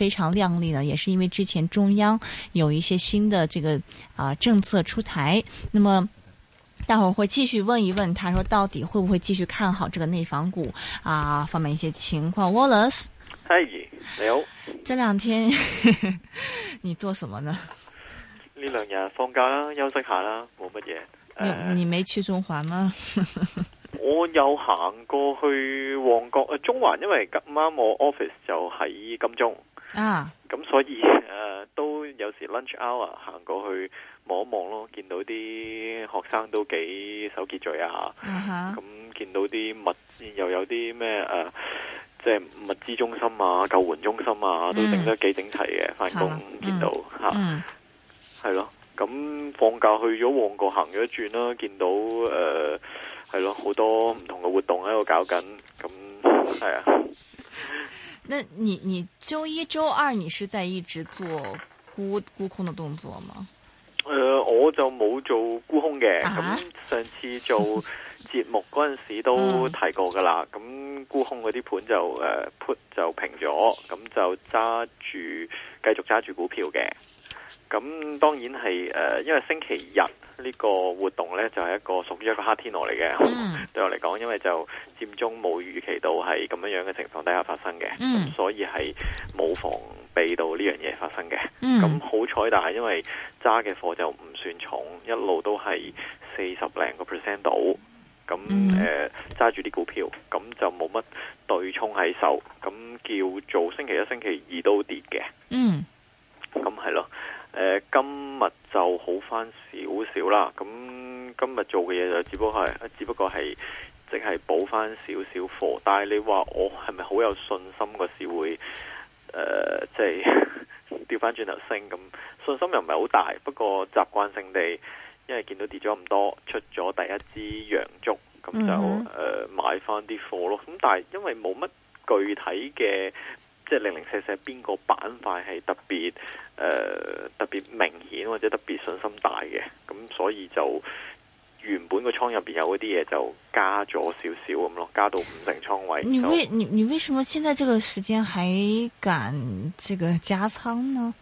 非常靚麗呢，也是因為之前中央有一些新的這個啊、呃、政策出台。那麼待會兒會繼續問一問，他說到底會不會繼續看好這個內房股啊方面一些情況？Wallace，Hi，你好，這兩天 你做什麼呢？呢兩日放假啦，休息下啦，冇乜嘢。你、呃、你沒去中環嗎？ 我有行過去旺角啊、呃，中環，因為今晚我 office 就喺金鐘。啊！咁所以誒、呃、都有時 lunch hour 行過去望一望咯，見到啲學生都幾守秩序啊！咁、uh -huh. 啊、見到啲物又有啲咩誒，即、啊、係、即係、物資中心啊、救援中心啊，都整得幾整齊嘅。翻工見到吓，係、嗯啊嗯啊嗯、咯。咁放假去咗旺角行咗一轉啦、啊，見到誒係、呃、咯好多唔同嘅活動喺度搞緊。咁係啊。 你你周一周二你是在一直做沽沽空的動作嗎？誒、呃，我就冇做沽空嘅，咁、啊、上次做節目嗰陣時都提過噶啦，咁 沽空嗰啲盤就誒、呃、put 就平咗，咁就揸住繼續揸住股票嘅。咁當然係誒、呃，因為星期日呢個活動呢，就係、是、一個屬於一個黑天鵝嚟嘅。嗯，對我嚟講，因為就佔中冇預期到係咁樣樣嘅情況底下發生嘅，嗯，所以係冇防備到呢樣嘢發生嘅。咁、嗯、好彩，但係因為揸嘅貨就唔算重，一路都係四十零個 percent 度，咁誒揸住啲股票，咁就冇乜對沖喺手，咁叫做星期一、星期二都跌嘅。嗯，咁係咯。呃、今日就好翻少少啦。咁今日做嘅嘢就只不過係，只不過係即係補翻少少貨。但係你話我係咪好有信心個市會即係掉翻轉頭升咁？信心又唔係好大。不過習慣性地，因為見到跌咗咁多，出咗第一支陽燭，咁就誒、mm -hmm. 呃、買翻啲貨咯。咁但係因為冇乜具體嘅。即係零零舍舍，邊個板塊係特別誒、呃、特別明顯或者特別信心大嘅，咁所以就原本個倉入邊有嗰啲嘢，就加咗少少咁咯，加到五成倉位。你為你你為什麼現在這個時間還敢這個加倉呢？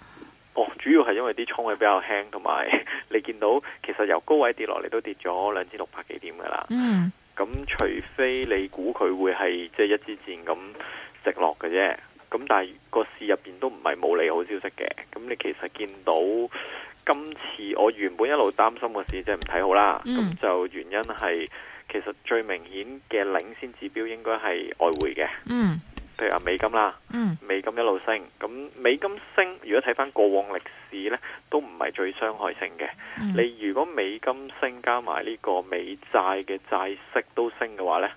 哦，主要係因為啲倉位比較輕，同埋你見到其實由高位跌落嚟都跌咗兩千六百幾點噶啦。嗯，咁除非你估佢會係即係一枝箭咁直落嘅啫。咁但係個市入邊都唔係冇利好消息嘅，咁你其實見到今次我原本一路擔心個市，即係唔睇好啦。咁、嗯、就原因係其實最明顯嘅領先指標應該係外匯嘅，嗯，譬如啊美金啦，嗯，美金一路升，咁美金升如果睇翻過往歷史呢，都唔係最傷害性嘅。嗯。你如果美金升加埋呢個美債嘅債息都升嘅話呢，誒、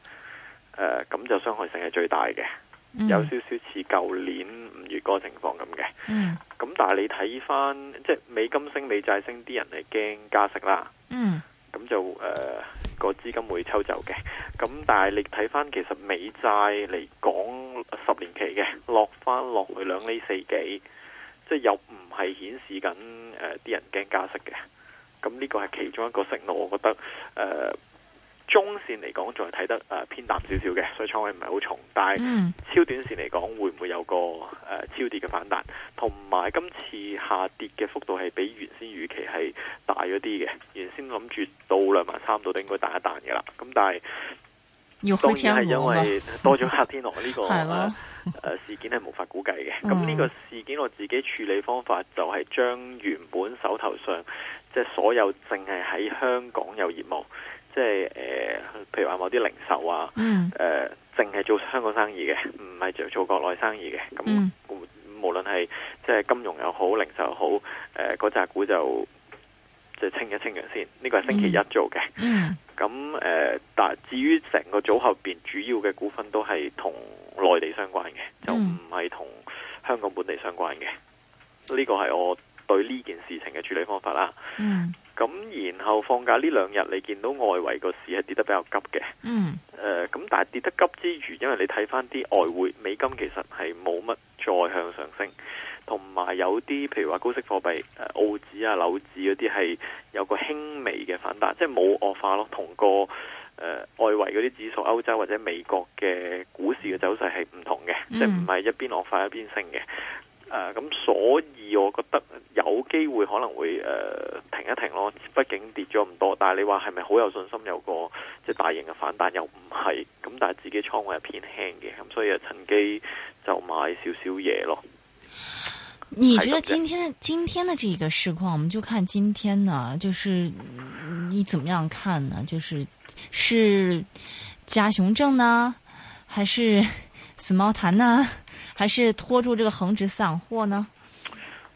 呃，咁就傷害性係最大嘅。 有少少似舊年五月嗰情況咁嘅，咁 但係你睇翻即係美金升，美債升，啲人係驚加息啦，咁 就誒個、呃、資金會抽走嘅。咁但係你睇翻其實美債嚟講十年期嘅落翻落去兩厘四幾，即係又唔係顯示緊誒啲人驚加息嘅。咁呢個係其中一個承諾，我覺得誒。呃中線嚟講，仲係睇得誒偏淡少少嘅，所以倉位唔係好重。但係超短線嚟講，會唔會有個誒超跌嘅反彈？同、嗯、埋今次下跌嘅幅度係比原先預期係大咗啲嘅。原先諗住到兩萬三度都應該彈一彈嘅啦。咁但係當然係因為多咗黑天鵝呢個誒事件係無法估計嘅。咁呢個事件我自己處理方法就係將原本手頭上即係所有凈係喺香港有業務。即係、呃、譬如話某啲零售啊，誒、mm. 呃，淨係做香港生意嘅，唔係做做國內生意嘅。咁、mm. 無論係即係金融又好，零售又好，誒，嗰隻股就就清一清嘅先。呢、呢個係星期一做嘅。咁、mm. 誒、呃，但至於成個組合邊主要嘅股份都係同內地相關嘅，就唔係同香港本地相關嘅。呢個係我對呢件事情嘅處理方法啦，咁、嗯、然後放假呢兩日你見到外圍個市係跌得比較急嘅，誒、嗯、咁、呃、但係跌得急之餘，因為你睇翻啲外匯美金其實係冇乜再向上升，同埋有啲譬如話高息貨幣誒、呃、澳紙啊、紐紙嗰啲係有個輕微嘅反彈，即係冇惡化咯。同個誒、呃、外圍嗰啲指數、歐洲或者美國嘅股市嘅走勢係唔同嘅，嗯，即係唔係一邊惡化一邊升嘅。誒、呃，咁所以我覺得有機會可能會誒、呃、停一停咯，畢竟跌咗唔多。但係你話係咪好有信心有個即係大型嘅反彈又唔係？咁但係自己倉位又偏輕嘅，咁所以啊趁機就買少少嘢咯。你覺得今天今天的這個市況，我們就看今天呢，就是你怎麼樣看呢？就是是加熊證呢，還是死貓彈呢？還是拖住這個恒指散貨呢？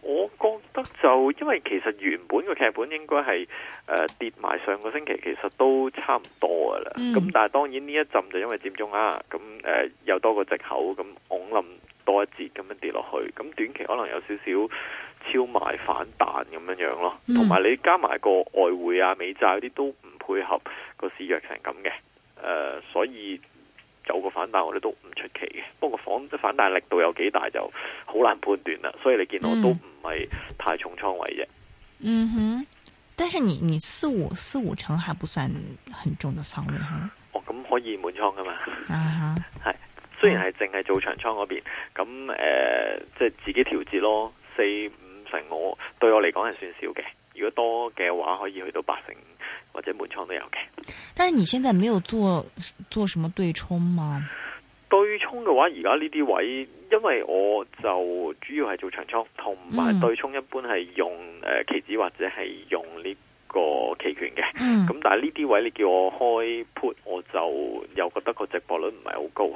我覺得就因為其實原本嘅劇本應該係誒、呃、跌埋上個星期，其實都差唔多噶啦。咁、嗯、但係當然呢一陣就因為佔中啊，咁誒、呃、多個借口，咁冧多一節咁樣跌落去。咁短期可能有少少超賣反彈咁樣樣咯。同、嗯、埋你加埋個外匯啊、美債嗰啲都唔配合個市弱成咁嘅，誒、呃、所以。有個反彈，我哋都唔出奇嘅，不過房反即反彈力度有幾大就好難判斷啦。所以你見到都唔係太重倉位嘅，嗯。嗯哼，但是你你四五四五成還不算很重嘅倉位哈。哦，咁可以滿倉噶嘛？啊哈，係，雖然係淨係做長倉嗰邊，咁誒即係自己調節咯。四五成我對我嚟講係算少嘅，如果多嘅話可以去到八成。或者門窗都有嘅，但係你現在沒有做做什麼對沖嘛？對沖嘅話，而家呢啲位置，因為我就主要係做長倉同埋對沖，一般係用誒期指或者係用呢個期權嘅。咁、嗯嗯、但係呢啲位置你叫我開 put，我就又覺得個值博率唔係好高。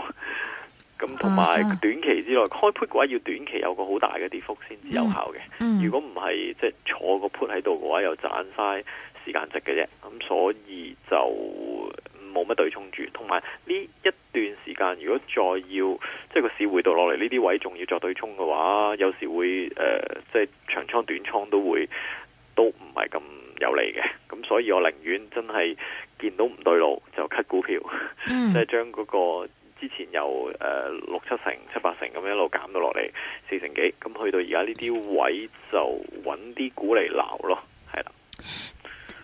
咁同埋短期之內、啊、開 put 嘅話，要短期有一個好大嘅跌幅先至有效嘅、嗯嗯。如果唔係，即、就、係、是、坐個 put 喺度嘅話，又賺晒。時間值嘅啫，咁所以就冇乜對沖住，同埋呢一段時間，如果再要即係個市回到落嚟呢啲位，仲要作對沖嘅話，有時會誒即係長倉短倉都會都唔係咁有利嘅，咁所以我寧願真係見到唔對路就 cut 股票，即係將嗰個之前由誒六七成、七八成咁一路減到落嚟四成幾，咁去到而家呢啲位就揾啲股嚟撈咯，係啦。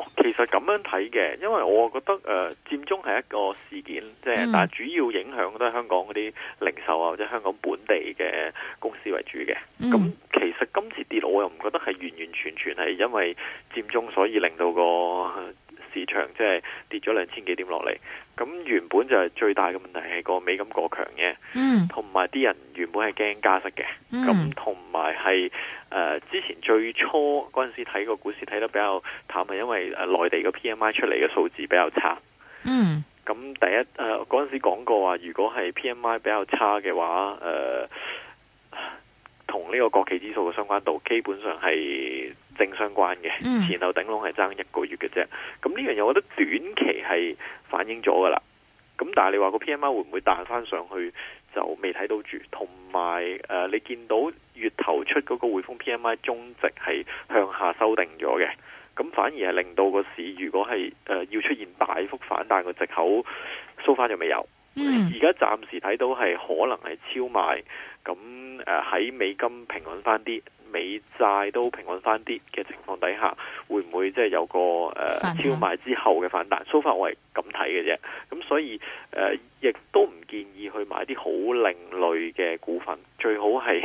哦、其實咁樣睇嘅，因為我覺得誒，呃、佔中係一個事件，即係、就是、嗯、但係主要影響都係香港嗰啲零售啊，或者香港本地嘅公司為主嘅。咁、嗯、其實今次跌，我又唔覺得係完完全全係因為占中，所以令到個市場即係、就是、跌咗兩千幾點落嚟。咁原本就係最大嘅問題係，個美金過強嘅，同埋啲人原本係驚加息嘅，咁同埋係誒之前最初嗰陣時睇個股市睇得比較淡，係因為誒內地個 P M I 出嚟嘅數字比較差，咁、嗯、第一誒嗰陣時講過話，如果係 P M I 比較差嘅話，誒、呃。同呢個國企指數嘅相關度基本上係正相關嘅，前後頂籠係爭一個月嘅啫。咁呢樣嘢，我覺得短期係反映咗噶啦。咁但係你話個 PMI 會唔會彈翻上去，就未睇到住。同埋誒，你見到月頭出嗰個匯豐 PMI 中值係向下修訂咗嘅，咁反而係令到個市如果係誒、呃、要出現大幅反彈嘅藉口，收翻就未有。而、嗯、家暫時睇到係可能係超賣咁。誒，喺美金平穩翻啲，美債都平穩翻啲嘅情況底下，會唔會即係有個誒超賣之後嘅反彈？So far，我係咁睇嘅啫。咁所以誒，亦、呃、都唔建議去買啲好另類嘅股份，最好係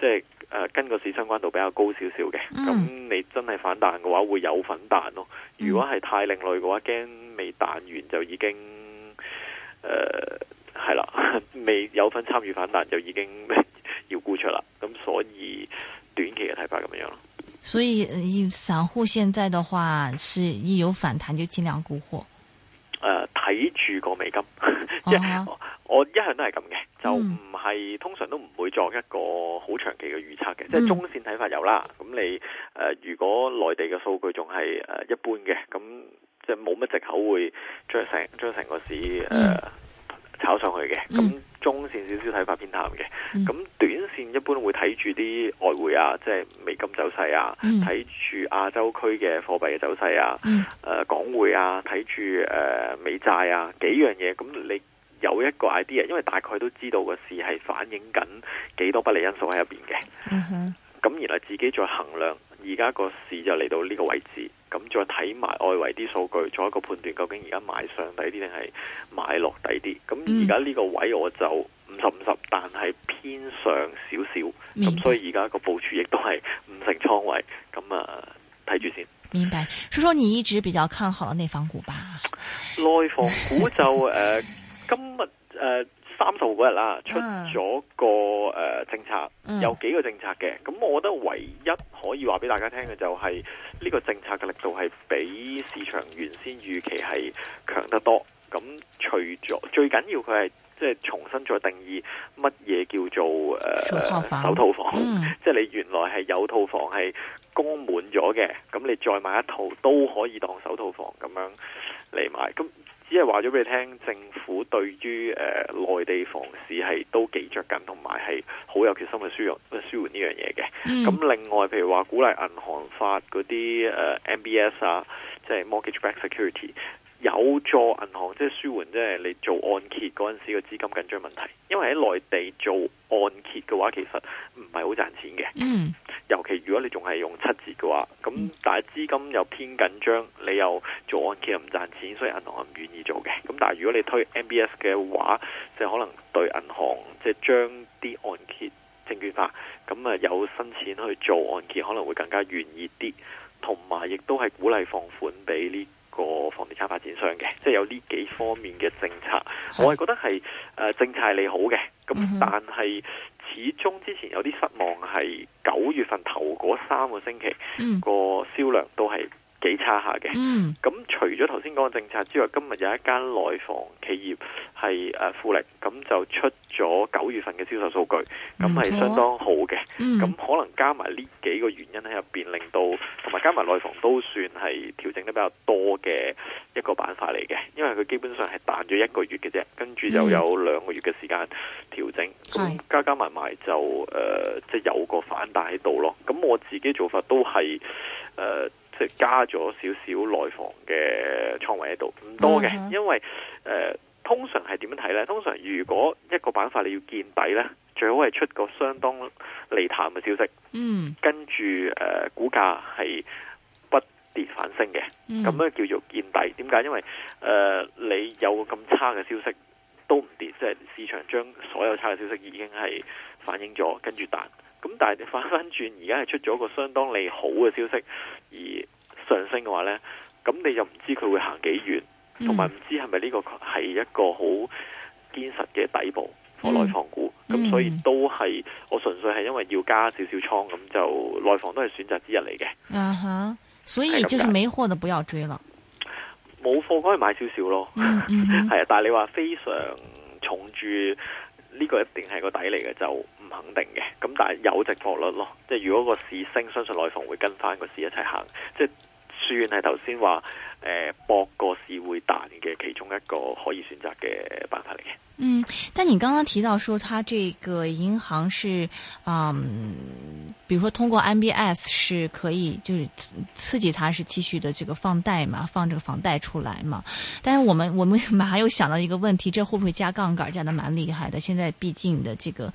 即係誒跟個市相關度比較高少少嘅。咁你真係反彈嘅話，會有份彈咯。如果係太另類嘅話，驚未彈完就已經誒係、呃、啦，未有份參與反彈就已經。要沽出啦，咁所以短期嘅睇法咁樣咯。所以，一散戶現在的話，是一有反彈就盡量沽貨。誒、呃，睇住個美金，即 係、哦、 我，我一向都係咁嘅，就唔係、嗯、通常都唔會作一個好長期嘅預測嘅，即係中綫睇法有啦。咁、嗯、你誒、呃，如果內地嘅數據仲係誒一般嘅，咁即係冇乜借口會將成將成個市誒。嗯呃炒上去嘅，咁中線少少睇法偏淡嘅，咁、嗯、短線一般會睇住啲外匯啊，即、就、係、是、美金走勢啊，睇住亞洲區嘅貨幣嘅走勢啊，嗯呃、港匯啊，睇住誒美債啊，幾樣嘢，咁你有一個 idea，因為大概都知道個市係反映緊幾多不利因素喺入邊嘅，咁然後自己再衡量。而家個市就嚟到呢個位置，咁再睇埋外圍啲數據，做一個判斷，究竟而家買上底啲定係買落底啲？咁而家呢個位我就五十五十，但係偏上少少，咁所以而家個部署亦都係五成倉位，咁啊睇住先。明白，叔叔，你一直比較看好嘅內房股吧。內房股就誒、 呃，今日誒。呃三十號嗰日啦，出咗個誒政策、嗯，有幾個政策嘅，咁我覺得唯一可以話俾大家聽嘅就係呢個政策嘅力度係比市場原先預期係強得多。咁除咗最緊要佢係即係重新再定義乜嘢叫做誒首、嗯呃、套房，嗯、即係你原來係有套房係供滿咗嘅，咁你再買一套都可以當首套房咁樣嚟買咁。即係話咗俾你聽，政府對於誒內地房市係都幾着緊，同埋係好有決心去舒緩、舒緩呢樣嘢嘅。咁、嗯、另外，譬如話鼓勵銀行發嗰啲誒 MBS 啊，即、就、係、是、mortgage backed security。有助銀行即係舒緩，即係你做按揭嗰陣時嘅資金緊張問題。因為喺內地做按揭嘅話，其實唔係好賺錢嘅。嗯，尤其如果你仲係用七折嘅話，咁但係資金又偏緊張，你又做按揭又唔賺錢，所以銀行係唔願意做嘅。咁但係如果你推 MBS 嘅話，即係可能對銀行即係、就是、將啲按揭證券化，咁啊有新錢去做按揭，可能會更加願意啲，同埋亦都係鼓勵放款俾呢個房地產發展商嘅，即係有呢幾方面嘅政策，我係覺得係誒、呃、政策係利好嘅，咁但係始終之前有啲失望係九月份頭嗰三個星期，嗯，個銷量都係。幾差下嘅，咁、嗯、除咗頭先講嘅政策之外，今日有一間內房企業係誒富力，咁就出咗九月份嘅銷售數據，咁係相當好嘅，咁、嗯、可能加埋呢幾個原因喺入邊，令到同埋加埋內房都算係調整得比較多嘅一個板塊嚟嘅，因為佢基本上係彈咗一個月嘅啫，跟住就有兩個月嘅時間調整，咁、嗯、加加埋埋就誒即係有個反彈喺度咯，咁我自己做法都係誒。呃即加咗少少內房嘅倉位喺度，唔多嘅，因為誒、呃、通常係點樣睇呢？通常如果一個板塊你要見底呢，最好係出個相當利淡嘅消息，嗯，跟，跟住誒股價係不跌反升嘅，咁、嗯、咧，叫做見底。點解？因為誒、呃、你有咁差嘅消息。即係市場將所有差嘅消息已經係反映咗，跟住彈。咁但係你翻翻轉，而家係出咗一個相當利好嘅消息而上升嘅話呢，咁你又唔知佢會行幾遠，同埋唔知係咪呢個係一個好堅實嘅底部？我內房股，咁、嗯、所以都係、嗯、我純粹係因為要加少少倉，咁就內房都係選擇之一嚟嘅。嗯、啊、哼，所以就是沒貨就不要追啦。冇貨可以買少少咯，係、嗯、啊、嗯。 但係你話非常。控住呢個一定係個底嚟嘅，就唔肯定嘅。咁但係有值博率咯，即係如果個市升，相信內房會跟翻個市一齊行。即係算係頭先話。誒，博個市會彈嘅其中一個可以選擇嘅辦法嚟嘅。嗯，但你剛剛提到說，他這個銀行是，嗯、呃，比如說通過 MBS 是可以，就是刺激，他是繼續的這個放貸嘛，放這個房貸出來嘛。但是我們，我們馬上又想到一個問題，這會不會加槓桿，加得蠻厲害的？現在畢竟的這個，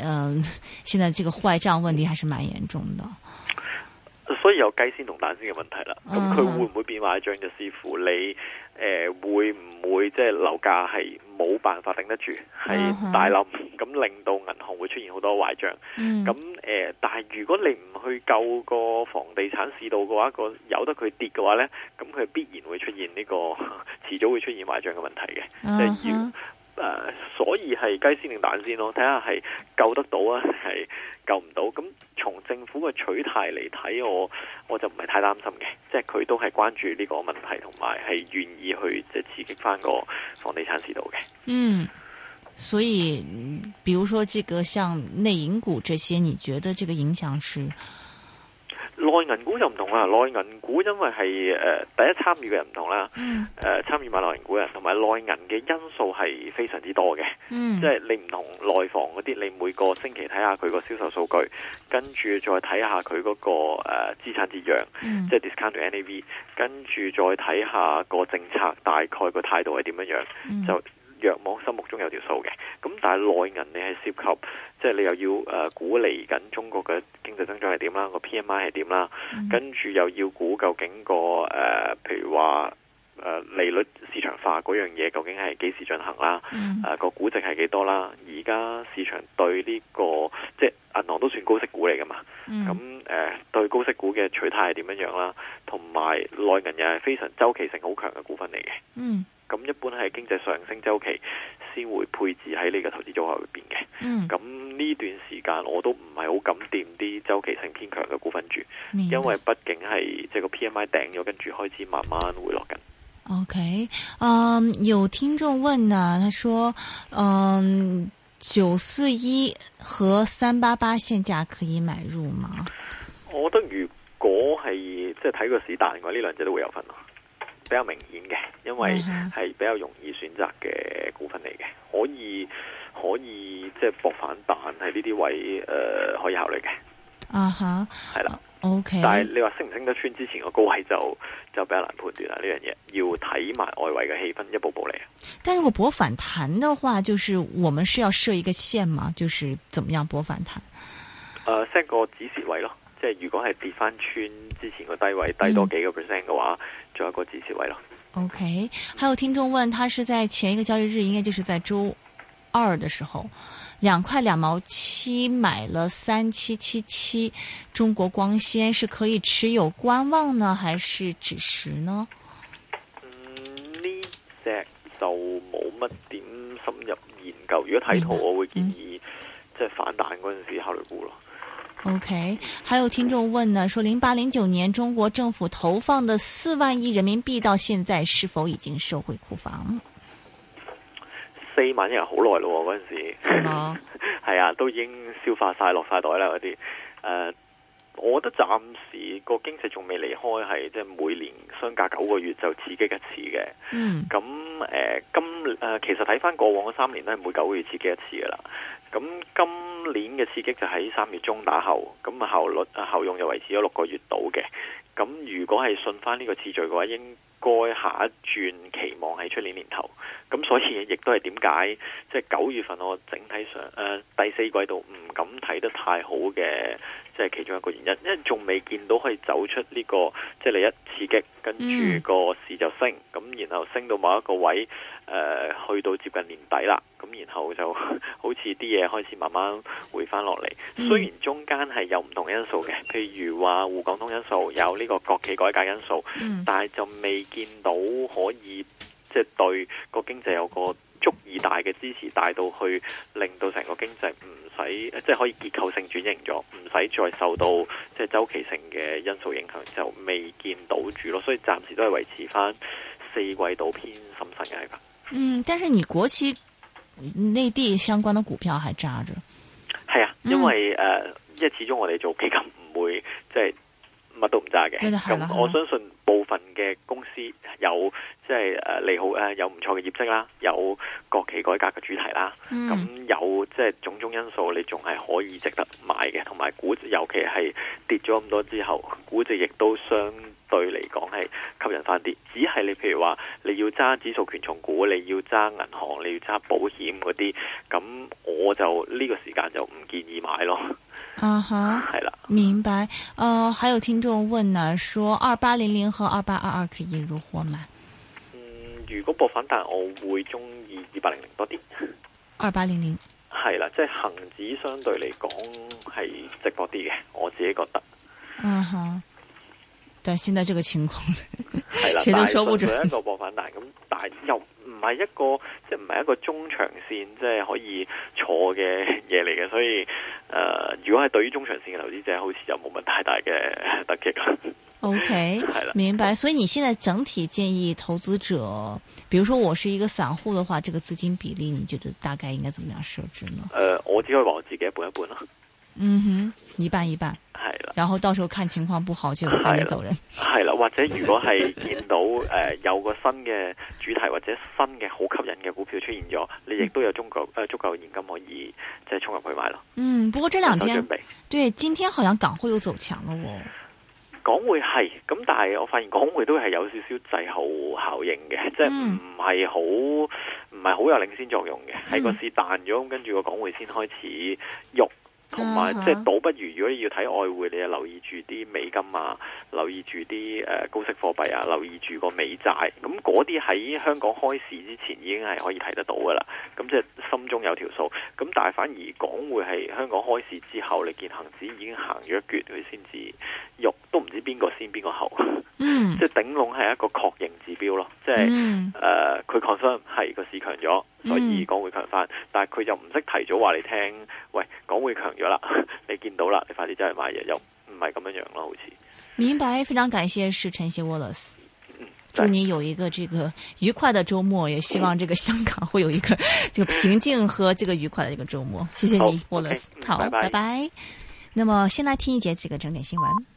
嗯、呃，現在這個壞賬問題還是蠻嚴重的。的所以有雞先同蛋先嘅問題啦，咁佢會唔會變壞帳就視乎你，誒、呃、會唔會即係樓價係冇辦法頂得住，係、uh -huh. 大冧，咁令到銀行會出現好多壞帳。咁、uh、誒 -huh. 呃，但係如果你唔去救個房地產市道嘅話，個由得佢跌嘅話呢，咁佢必然會出現呢、呢個，遲早會出現壞帳嘅問題嘅，uh -huh. 即係要。誒、呃，所以係雞先定蛋先咯，睇下係救得到啊，係救唔到。咁從政府嘅取態嚟睇，我我就唔係太擔心嘅，即係佢都係關注呢個問題，同埋係願意去即係刺激翻個房地產市道嘅。嗯，所以，比如說，這個像內銀股這些，你覺得這個影響是？內銀股就唔同啦，內銀股因為係誒、呃、第一參與嘅人唔同啦，誒、mm. 呃、參與買內銀股嘅人，同埋內銀嘅因素係非常之多嘅，即、mm. 係你唔同內房嗰啲，你每個星期睇下佢個銷售數據，跟住再睇下佢嗰個誒資產折讓，即係 discount to NAV，跟住再睇下個政策大概個態度係點樣樣，就。Mm. 佢望心目中有條數嘅，咁但係內銀你係涉及，即係你又要誒估緊中國嘅經濟增長係點啦，個 PMI 係點啦，跟、嗯、住又要估究竟個誒、呃，譬如話誒、呃、利率市場化嗰樣嘢究竟係幾時進行啦？誒、嗯、個、呃、估值係幾多啦？而家市場對呢、這個即係銀行都算高息股嚟㗎嘛？咁、嗯、誒、呃、對高息股嘅取態係點樣樣啦？同埋內銀又係非常周期性好強嘅股份嚟嘅。嗯。咁一般係經濟上升周期先會配置喺呢個投資組合裏邊嘅。嗯，咁呢段時間我都唔係好敢掂啲周期性偏強嘅股份住，因為畢竟係即係個 P M I 頂咗，跟住開始慢慢回落緊。OK，嗯，有聽眾問啊，佢說，嗯，九四一和三八八現價可以買入嗎？我覺得如果係即係睇個市彈嘅話，呢兩隻都會有份。比較明顯嘅，因為係比較容易選擇嘅股份嚟嘅，可以可以即係博反彈喺呢啲位誒、呃、可以考慮嘅。啊、uh、吓 -huh.？係、uh、啦 -huh.，OK。但係你話升唔升得穿之前個高位就就比較難判斷啦、啊，呢樣嘢要睇埋外圍嘅氣氛一步步嚟。但如果博反彈嘅話，就是我們是要設一個線嘛，就是怎麼樣博反彈？誒、呃、，set 個止蝕位咯。即係如果係跌翻穿之前個低位低多幾個 percent 嘅話，仲有一個支持位咯。OK，還有聽眾問他是在前一個交易日，應該就是在週二的時候，兩塊兩毛七買了三七七七中國光纖，是可以持有觀望呢，還是止蝕呢？呢、嗯、隻就冇乜點深入研究。如果睇圖，我會建議、嗯嗯、即係反彈嗰陣時考慮沽咯。OK，還有聽眾問呢，說零八零九年中國政府投放的四萬億人民幣到現在是否已經收回庫房？四萬億好耐咯，嗰陣時係啊，都已經消化晒落晒袋啦嗰啲。Uh, 我覺得暫時個經濟仲未離開，係即係每年相隔九個月就刺激一次嘅。咁、嗯、誒、呃、今誒、呃、其實睇翻過往三年都咧，係每九個月刺激一次噶啦。咁今今年嘅刺激就喺三月中打後，咁啊效率啊效用就維持咗六個月度嘅。咁如果係順翻呢個次序嘅話，應該下一轉期望係出年年頭。咁所以亦都係點解，即係九月份我整體上，呃、第四季度唔敢睇得太好嘅，即係其中一個原因，因為仲未見到可以走出呢個，即係你一刺激，跟住個市就升，咁然後升到某一個位，呃、去到接近年底啦，咁然後就好似啲嘢開始慢慢回翻落嚟。雖然中間係有唔同因素嘅，譬如話滬港通因素，有呢個國企改革因素，嗯、但係就未見到可以。即、就、係、是、對個經濟有個足以大嘅支持，大到去令到成個經濟唔使，即、就、係、是、可以結構性轉型咗，唔使再受到即係周期性嘅因素影響，就未見到住咯。所以暫時都係維持翻四季度偏謹慎嘅係噶。嗯，但是你國企內地相關的股票還揸着係啊，因為誒，即、嗯、係、呃、始終我哋做基金唔會即係。就是乜都唔揸嘅，咁我相信部分嘅公司有即係誒利好誒有唔錯嘅業績啦，有國企改革嘅主題啦，咁、嗯、有即係種種因素，你仲係可以值得買嘅，同埋股尤其係跌咗咁多之後，估值，亦都相對嚟講係吸引翻啲。只係你譬如話你要揸指數權重股，你要揸銀行，你要揸保險嗰啲，咁我就呢個時間就唔建議買咯。啊哈，係啦，明白。呃，還有聽眾問呢，說二八零零和二八二二可以入貨嗎？嗯，如果博反彈，我會中意二八零零多啲。二八零零係啦，即係、就是、恒指相對嚟講係值博啲嘅，我自己覺得。啊、uh、哈 -huh，但現在這個情況，係 啦，大個兩個博反彈咁，但係又。唔係一個即係唔係一個中長線即係可以坐嘅嘢嚟嘅，所以誒、呃，如果係對於中長線嘅投資者，好似就冇乜太大嘅得益啦。OK，係啦，明白。所以你現在整體建議投資者，比如說我是一個散戶嘅話，這個資金比例你覺得大概應該怎麼樣設置呢？誒、呃，我只可以話我自己本一半一半咯。嗯哼，一半一半。然後到時候看情況不好就趕緊走人，係啦，或者如果係見到誒、呃、有個新嘅主題或者新嘅好吸引嘅股票出現咗，你亦都有足夠誒、嗯呃、足夠的現金可以即係衝入去買咯。嗯，不過這兩天準備對，今天好像港匯又走強咯喎。港匯係咁，但係我發現港匯都係有少少滯後效應嘅，即係唔係好唔係好有領先作用嘅，喺、嗯、個市彈咗，跟住個港匯先開始喐。同埋即係倒不如，如果你要睇外匯，你就留意住啲美金啊，留意住啲高息貨幣啊，留意住個美債，咁嗰啲喺香港開市之前已經係可以睇得到噶啦，咁即係心中有條數。咁但係反而港匯係香港開市之後，你見恒指已經行咗一橛，佢先至郁。都唔知邊個先邊個後，嗯，即係頂籠係一個確認指標咯，即係誒佢 confirm 係個市強咗，所以港匯強翻，但係佢就唔識提早話你聽，喂，港匯強咗啦，你見到啦，你快啲走去買嘢，又唔係咁樣樣咯，好似。明白，非常感謝是陳昕 Wallace，祝你有一個這個愉快的周末，也希望這個香港會有一個這個平靜和這個愉快的一個周末，謝謝你好 Wallace，okay, 好，拜拜，拜拜。那麼先來聽一節這個整點新聞。